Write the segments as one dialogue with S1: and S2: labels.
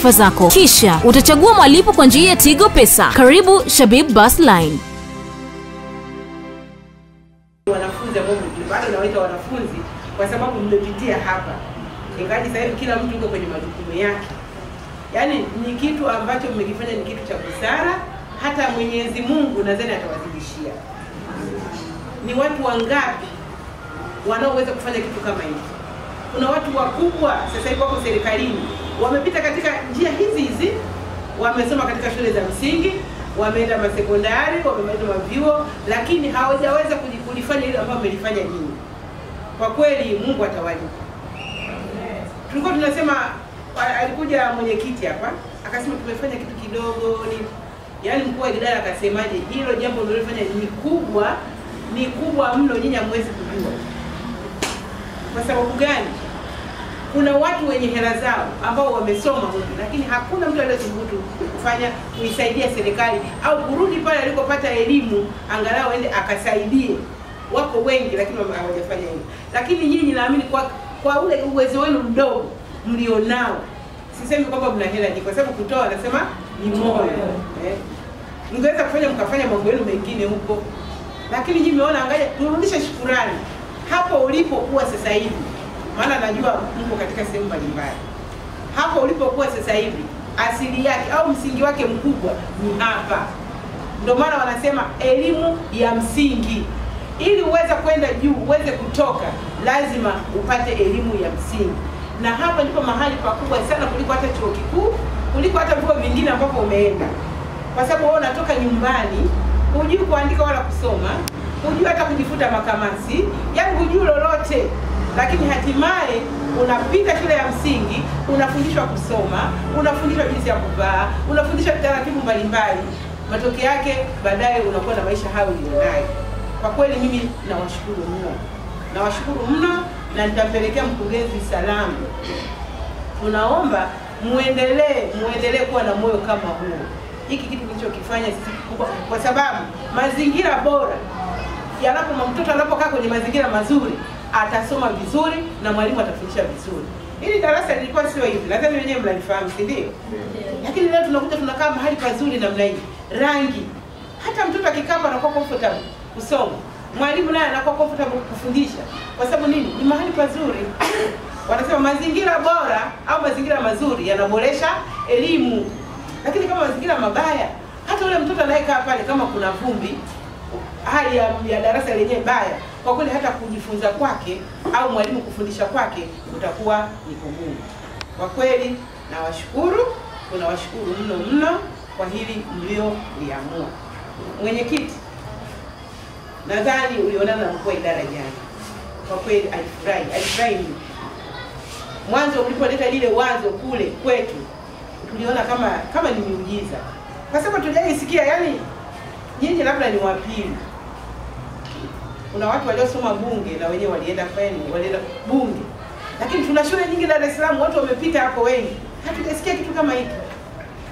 S1: taarifa zako kisha utachagua mwalipo kwa njia ya tigo pesa karibu shabib bus line
S2: wanafunzi ambao nawaita wanafunzi kwa sababu mmepitia hapa ingaji sasa hivi kila mtu uko kwenye majukumu yake yaani ni kitu ambacho mmekifanya ni kitu cha busara hata mwenyezi mungu nadhani atawazidishia ni watu wangapi wanaoweza kufanya kitu kama hiki kuna watu wakubwa sasa hivi wako serikalini wamepita katika njia hizi hizi, wamesoma katika shule za msingi, wameenda masekondari, wameenda mavyuo, lakini hawajaweza kulifanya ile ambayo amelifanya nyinyi. Kwa kweli Mungu atawalipa. Tulikuwa tunasema, alikuja mwenyekiti hapa akasema tumefanya kitu kidogo ni yaani mkuu wa idara akasemaje, hilo jambo mlilofanya ni kubwa, ni kubwa mno, nyinyi hamwezi kujua. Kwa sababu gani? Kuna watu wenye hela zao ambao wamesoma huku, lakini hakuna mtu aliyethubutu kufanya kuisaidia serikali au kurudi pale alikopata elimu, angalau ende akasaidie. Wako wengi, lakini hawajafanya hivyo. Lakini nyinyi naamini kwa, kwa ule uwezo wenu mdogo mlionao, sisemi kwamba mna hela nyingi, kwa sababu kutoa anasema ni moyo eh. Mngeweza kufanya mkafanya mambo yenu mengine huko, lakini nyinyi mmeona, angalia turudishe shukurani hapo ulipokuwa sasa hivi maana najua mko katika sehemu mbalimbali. Hapo ulipokuwa sasa hivi, asili yake au msingi wake mkubwa ni hapa. Ndio maana wanasema elimu ya msingi. Ili uweze kwenda juu, uweze kutoka, lazima upate elimu ya msingi, na hapa ndipo mahali pakubwa sana kuliko hata chuo kikuu, kuliko hata vyuo vingine ambapo umeenda, kwa sababu wewe unatoka nyumbani, hujui kuandika wala kusoma, hujui hata kujifuta makamasi, yaani hujui lolote lakini hatimaye unapita shule ya msingi, unafundishwa kusoma, unafundishwa jinsi ya kuvaa, unafundishwa taratibu mbalimbali. Matokeo yake baadaye unakuwa na maisha hayo ulionayo. Kwa kweli mimi nawashukuru mno, nawashukuru mno na nitampelekea mkurugenzi salamu. Tunaomba muendelee, muendelee kuwa na moyo kama huo. Hiki kitu kilichokifanya sisi kikubwa, kwa sababu mazingira bora yanapo, mtoto anapokaa kwenye mazingira mazuri atasoma vizuri na mwalimu atafundisha vizuri. Hili darasa lilikuwa sio hivi, nadhani wenyewe mnalifahamu, si ndio? Yeah. Lakini leo tunakuta tunakaa mahali pazuri namna hii, rangi, hata mtoto akikaa anakuwa comfortable kusoma, mwalimu naye anakuwa comfortable kufundisha. Kwa sababu nini? Ni mahali pazuri. Wanasema mazingira bora au mazingira mazuri yanaboresha elimu, lakini kama mazingira mabaya, hata ule mtoto anayekaa pale, kama kuna vumbi, hali ya, ya darasa lenyewe baya kwa kweli hata kujifunza kwake au mwalimu kufundisha kwake utakuwa ni kugumu. Kwa kweli nawashukuru, tunawashukuru mno mno kwa hili mlioliamua. Mwenyekiti, nadhani ulionana na mkuu wa idara jana, kwa kweli alifurahi, alifurahi mwanzo ulipoleta lile wazo kule kwetu, tuliona kama kama ni miujiza, kwa sababu tujaisikia, yani nyinyi labda ni wapili kuna watu waliosoma bunge na wenyewe walienda kwenu, walienda bunge, lakini tuna shule nyingi Dar es Salaam watu wamepita hapo wengi, hatujasikia kitu kama hiki.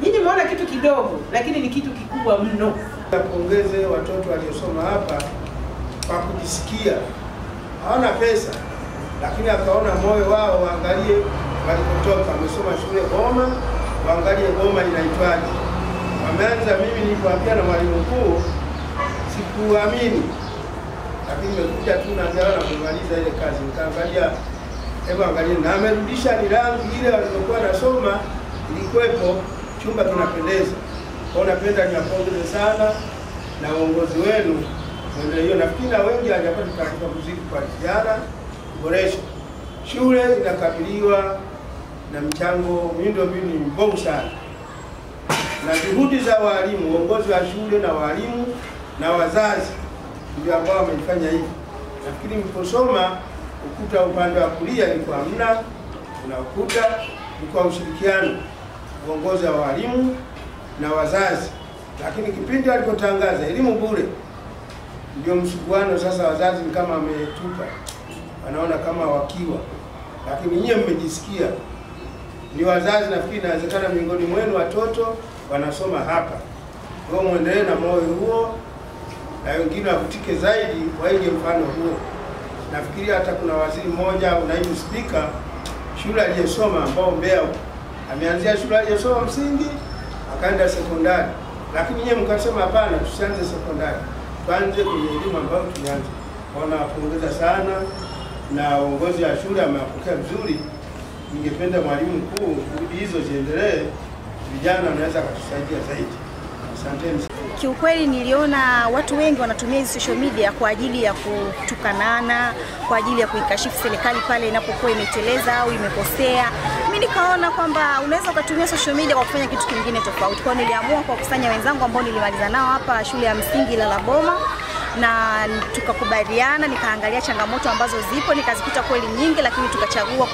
S2: Nyinyi mmeona kitu kidogo, lakini ni kitu kikubwa mno.
S3: Napongeze watoto waliosoma hapa kwa kujisikia hawana pesa, lakini akaona moyo wao waangalie walipotoka, wamesoma shule Goma, waangalie Goma inaitwaje. Wameanza, mimi nilipoambia na mwalimu mkuu sikuamini lakini nimekuja tu na dawa na kumaliza ile kazi, nikaangalia, hebu angalia, na amerudisha ni rangi ile walizokuwa nasoma ilikuwepo, chumba kinapendeza. Kwa napenda niwapongeze sana na uongozi wenu ndio nafikiri na wengi hawajapata katika muziki kwa vijana kuboresha. Shule inakabiliwa na mchango miundo miundombinu mbovu sana, na juhudi za walimu, uongozi wa shule na walimu na wazazi ndio ambao wameifanya hivi. lakini mliposoma ukuta upande wa kulia ilikuwa hamna, kuna ukuta ulikuwa ushirikiano uongozi wa walimu na wazazi, lakini kipindi alipotangaza elimu bure, ndio msuguano sasa. Wazazi ni kama wametupa, wanaona kama wakiwa, lakini nyie mmejisikia ni wazazi. Nafikiri inawezekana miongoni mwenu watoto wanasoma hapa, kwa mwendelee na moyo huo na wengine wavutike zaidi waige mfano huo. Nafikiria hata kuna waziri mmoja au naibu spika shule aliyesoma ambao Mbeya ameanzia shule aliyesoma msingi akaenda sekondari, lakini nyewe mkasema hapana, tusianze sekondari, tuanze kwenye elimu ambayo tumeanza. Wanawapongeza sana na uongozi wa shule amewapokea vizuri. Ningependa mwalimu mkuu, juhudi hizo ziendelee, vijana wanaweza katusaidia zaidi. Asanteni
S4: kiukweli niliona watu wengi wanatumia hizi social media kwa ajili ya kutukanana, kwa ajili ya kuikashifu serikali pale inapokuwa imeteleza au imekosea. Mimi nikaona kwamba unaweza ukatumia social media kwa kufanya kitu kingine tofauti. Kwa niliamua kwa kusanya wenzangu ambao nilimaliza nao hapa shule ya msingi boma na tukakubaliana, nikaangalia changamoto ambazo zipo, nikazikuta kweli nyingi, lakini tukachagua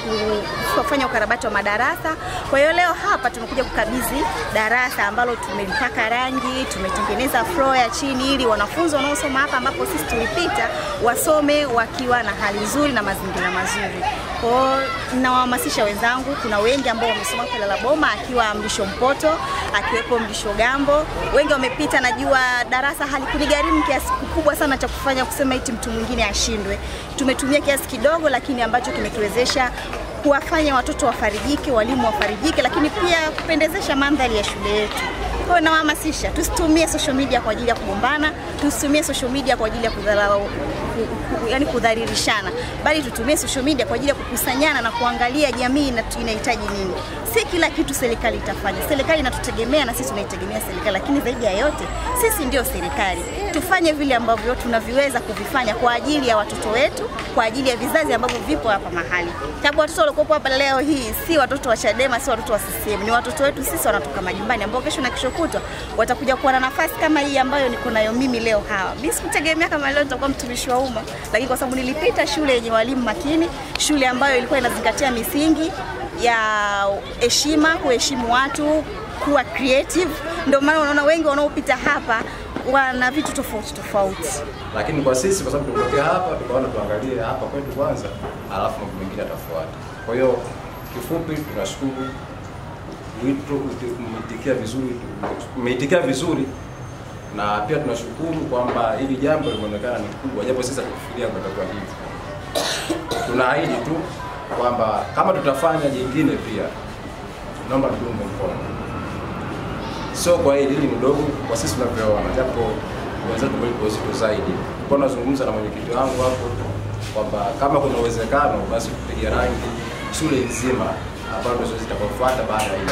S4: kufanya ukarabati wa madarasa. Kwa hiyo leo hapa tumekuja kukabidhi darasa ambalo tumelipaka rangi, tumetengeneza floor ya chini ili wanafunzi wanaosoma hapa ambapo sisi tulipita wasome wakiwa na hali nzuri na mazingira mazuri. Kwa nawahamasisha wenzangu, kuna wengi ambao wamesoma Kilala Boma akiwa Mlisho Mpoto, akiwepo Mlisho Gambo, wengi wamepita, najua darasa halikunigharimu kiasi kikubwa kikubwa sana cha kufanya kusema eti mtu mwingine ashindwe. Tumetumia kiasi kidogo, lakini ambacho kimetuwezesha kuwafanya watoto wafarijike, walimu wafarijike, lakini pia kupendezesha mandhari ya shule yetu. Kwa hiyo nawahamasisha tusitumie social media kwa ajili ya kugombana, tusitumie social media kwa ajili ya kudharau yani kudhalilishana, bali tutumie social media kwa ajili ya kukusanyana na kuangalia jamii inahitaji nini. Si kila kitu serikali itafanya. Serikali inatutegemea na sisi tunaitegemea serikali, lakini zaidi ya yote sisi ndio serikali. Tufanye vile ambavyo tunaviweza kuvifanya kwa ajili ya watoto wetu, kwa ajili ya vizazi ambavyo vipo hapa mahali, sababu watoto waliokuwepo hapa leo hii si watoto wa Chadema, si watoto wa CCM, ni watoto wetu sisi wanatoka majumbani, ambao kesho na kesho kutwa watakuja kuwa na nafasi kama hii ambayo niko nayo mimi leo. Hawa mimi sikutegemea kama leo nitakuwa mtumishi wa umma, lakini kwa sababu nilipita shule yenye walimu makini, shule ambayo ilikuwa inazingatia misingi ya heshima, kuheshimu watu, kuwa creative, ndio maana unaona wengi wanaopita hapa wana vitu tofauti tofauti.
S5: Lakini kwa sisi, kwa sababu tulitokea hapa, tukaona tuangalie hapa kwetu kwanza, alafu mambo mengine yatafuata. Kwa hiyo kifupi, tunashukuru wito umeitikia vizuri, umeitikia vizuri na pia tunashukuru kwamba hili jambo limeonekana ni kubwa, japo sisi hatukufikiria kutakuwa hivi. Tunaahidi tu kwamba kama tutafanya jingine pia naomba tuunge mkono, sio kwa hili ni mdogo kwa sisi tunavyoona, japo wenzetu walipo uzito zaidi. Kwa nazungumza na mwenyekiti wangu hapo kwamba kama kuna uwezekano basi tupige rangi shule nzima ambayo ndizo zitakafuata baada ya ile